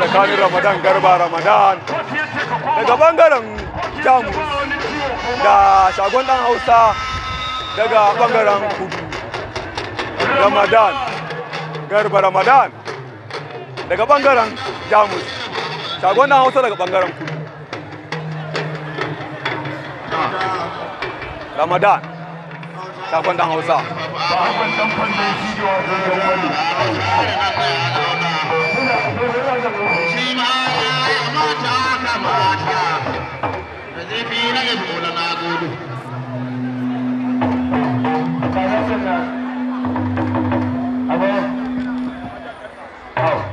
tsakanin ramadan garba ramadan daga bangaren jamus da shagon dan hausa daga bangaren kudu ramadan garba ramadan daga bangaren jamus shagon dan hausa daga bangaren kudu ramadan shagon dan hausa ba abin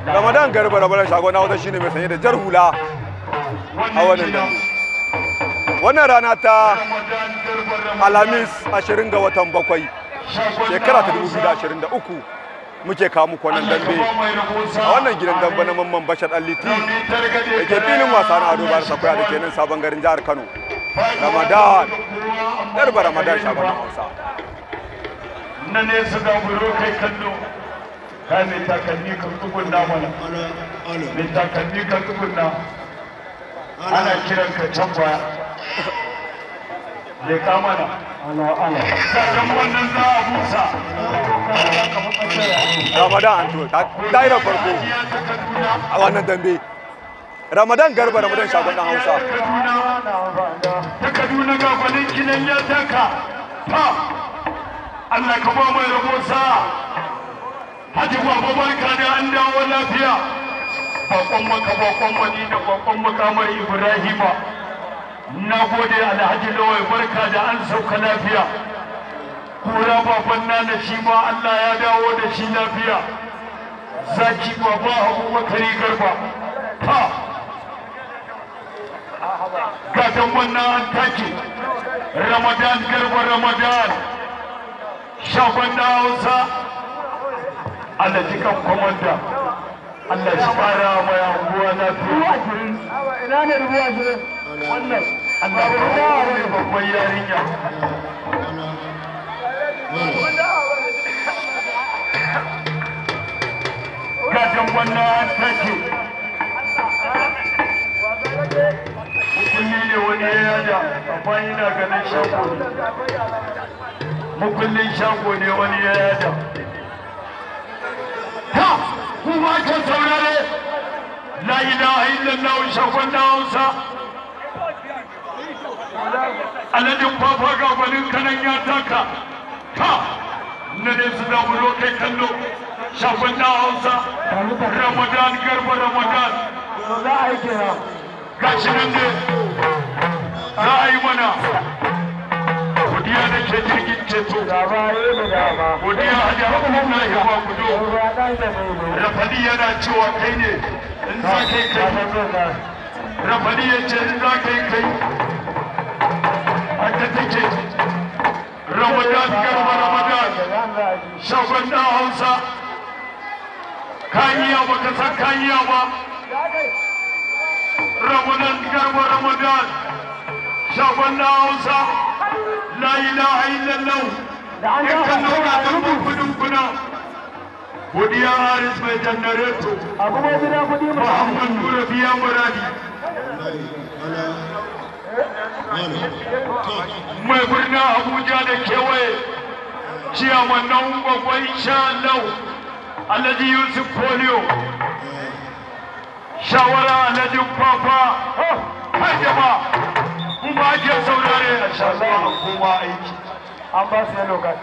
da ramadan garba na wata shine mai sanye da jar hula a wannan da. wannan rana ta alhamis ashirin ga watan bakwai shekara ta dubu biyu da da ashirin uku muke kawo muku wannan dambe a wannan gidan dambe na mamman bashar alliti da ke filin wasa na ado bayar sakwaya da ke nan sabon garin jihar kano ramadan darba ramadan shagon hausa na ne su da buro kai kallo kai mai takalmi kan tukunna mana mai takalmi kan tukunna ana kiran ka can baya mai kamana Ramadan wannan za a busa daira farko a wannan dambe ramadan garba ramadan shagon dan hausa ta kaduna ga gwanin kinan ya taka Ha! allah ka ba mai rabo sa haji gwamba barka da an dawo lafiya bakon maka bakon wani da bakon maka mai ibrahima na gode alhaji lawai barka da an sauka lafiya kura baban na shi ma Allah ya dawo da shi lafiya zaki baba abubakari garba ta gatan wannan an take ramadan garba ramadan shagon na hausa Allah jikan kwamanda Allah shi fara mai anguwa lafiya ina ruwa shi wannan Allahu Akbar ne babban yarinya wannan take Mukulli ne wani ya yada amma yana ganin shago ne Mukullin shago ne wani ya yada Ha! Kuma kan saurare la ilaha illallah shagon na hausa aladin fafa ga gwanin kanan ya taka ka na ne su damu lokai kallo shagon na hausa ramadan garba ramadan ga shi nan ne za a yi mana godiya da ke jirgin ceto godiya a jarabar na yawa gudu rafadi yana cewa kai ne खे रबड़ीअ चंदा खे खई अॻिते खे रमदान कर्म Ramadan शबंदा हौसा खाई आवा कसा खाई आवा रमदान कर्म रमदान शबंदा Hausa لا إله إلا الله يكن لنا ذنوبنا Kudi ya haris mai janareto. Abu mai gida kudi mai. Muhammad Nura biya muradi. Mai birnin Abuja da kewaye. Ciyaman nan gwagwai sha lau. Alhaji Yusuf Folio. Shawara Alhaji Papa. Kai jama. Mun ba ake saurare a shazama kuma aiki. An ba su yalo gani.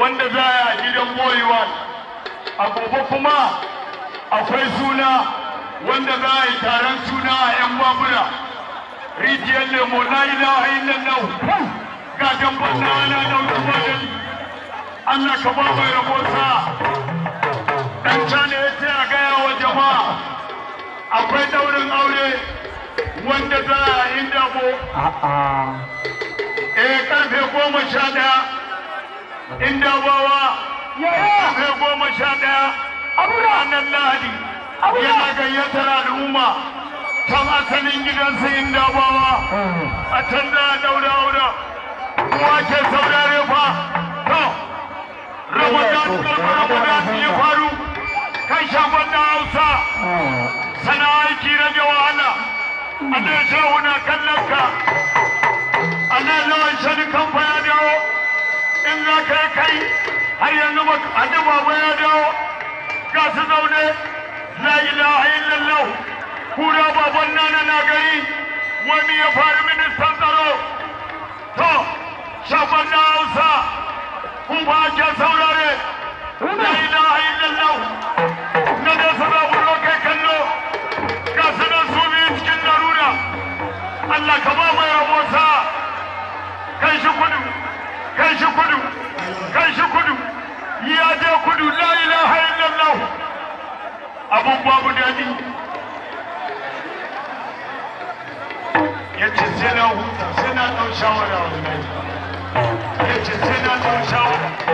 wanda za a gidan boyuwan a gobe kuma akwai suna wanda za a yi taron suna a 'yan babura rijiyar lemo na yi illallah ga nan. na ana daukin wajen allah ka ba mai rabota dan cana ya ce a gaya wa jama'a akwai daurin aure wanda za a yi dabo a eh, karfe goma sha daya inda bawa sai goma sha ɗaya a ranar lahadi yana gayyatar al'umma kan asalin gidansa inda bawa hmm. a can a daura aura kowa ke saurare fa to ramadan karɓar ramadan ya faru kan shagon na hausa hmm. sana aiki rage wahala hmm. a nan shawuna kallon ka a nan lawan shani kan bayanawa in za ka kai har yanzu ba addu baba ya dawo ga su zaune la ilaha illallah kura baban nana na gari wani ya faru ministan tsaro to shafan na hausa kun ba ke saurare la ilaha illallah na da su za kai kallo ga su nan su biyu cikin larura Allah ka ba Muhammadu la ilaha babu daɗi ya ce sai na huta sai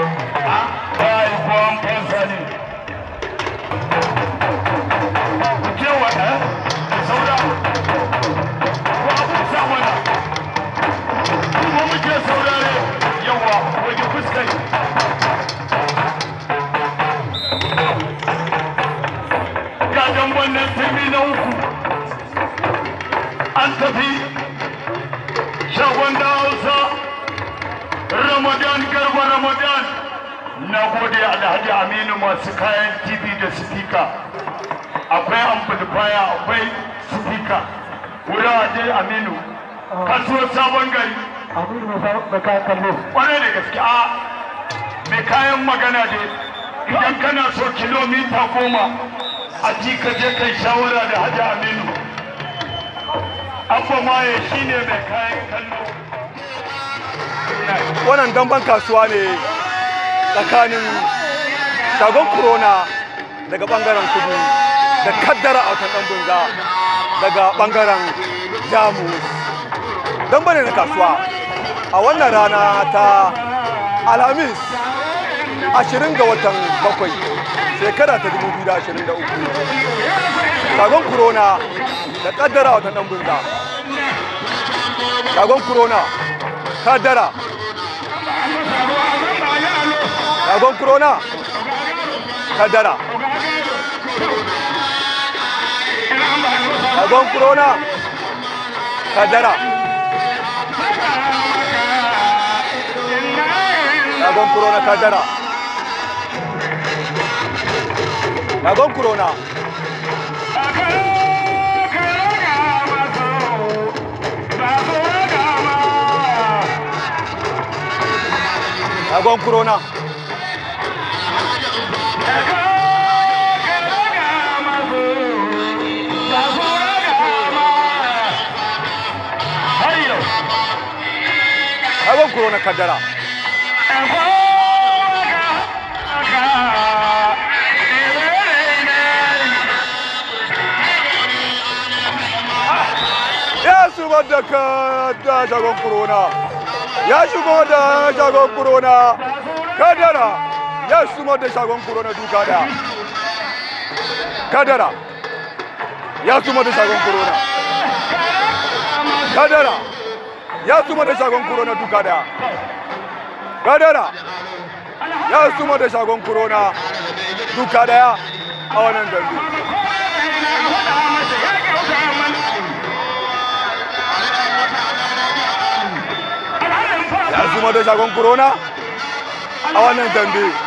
Gajen wannan nan na uku an tafi shagon da hausa ramadan garba ramadan na gode alhaji aminu masu kayan tv da sifika akwai amplifier akwai sifika wuraje aminu kasuwar sabon gari aminu ba ka kallo kwarai da gaske a mai kayan magana dai idan kana so kilomita goma a ji ka je kai shawara da hajji aminu abba maye shine mai kayan kallo wannan damban kasuwa ne tsakanin shagon corona daga bangaren kudu da kaddara a watan dan bunza daga bangaren jamu damba ne na kasuwa a wannan rana ta alhamis ashirin ga watan bakwai shekara ta dubu uku shagon corona da kaddara watan dan bunza shagon corona kaddara shagon corona kaddara shagon corona kaddara Dragon Corona Cadera. ragon corona ragon corona corona kaddara shigo da shagon corona ya shigo da shagon corona kadara ya shigo da shagon corona duka da kadara ya shigo da shagon corona kadara ya shigo da shagon corona duka da kadara ya shigo da shagon corona duka daya a wannan gandu mado shagon corona a wannan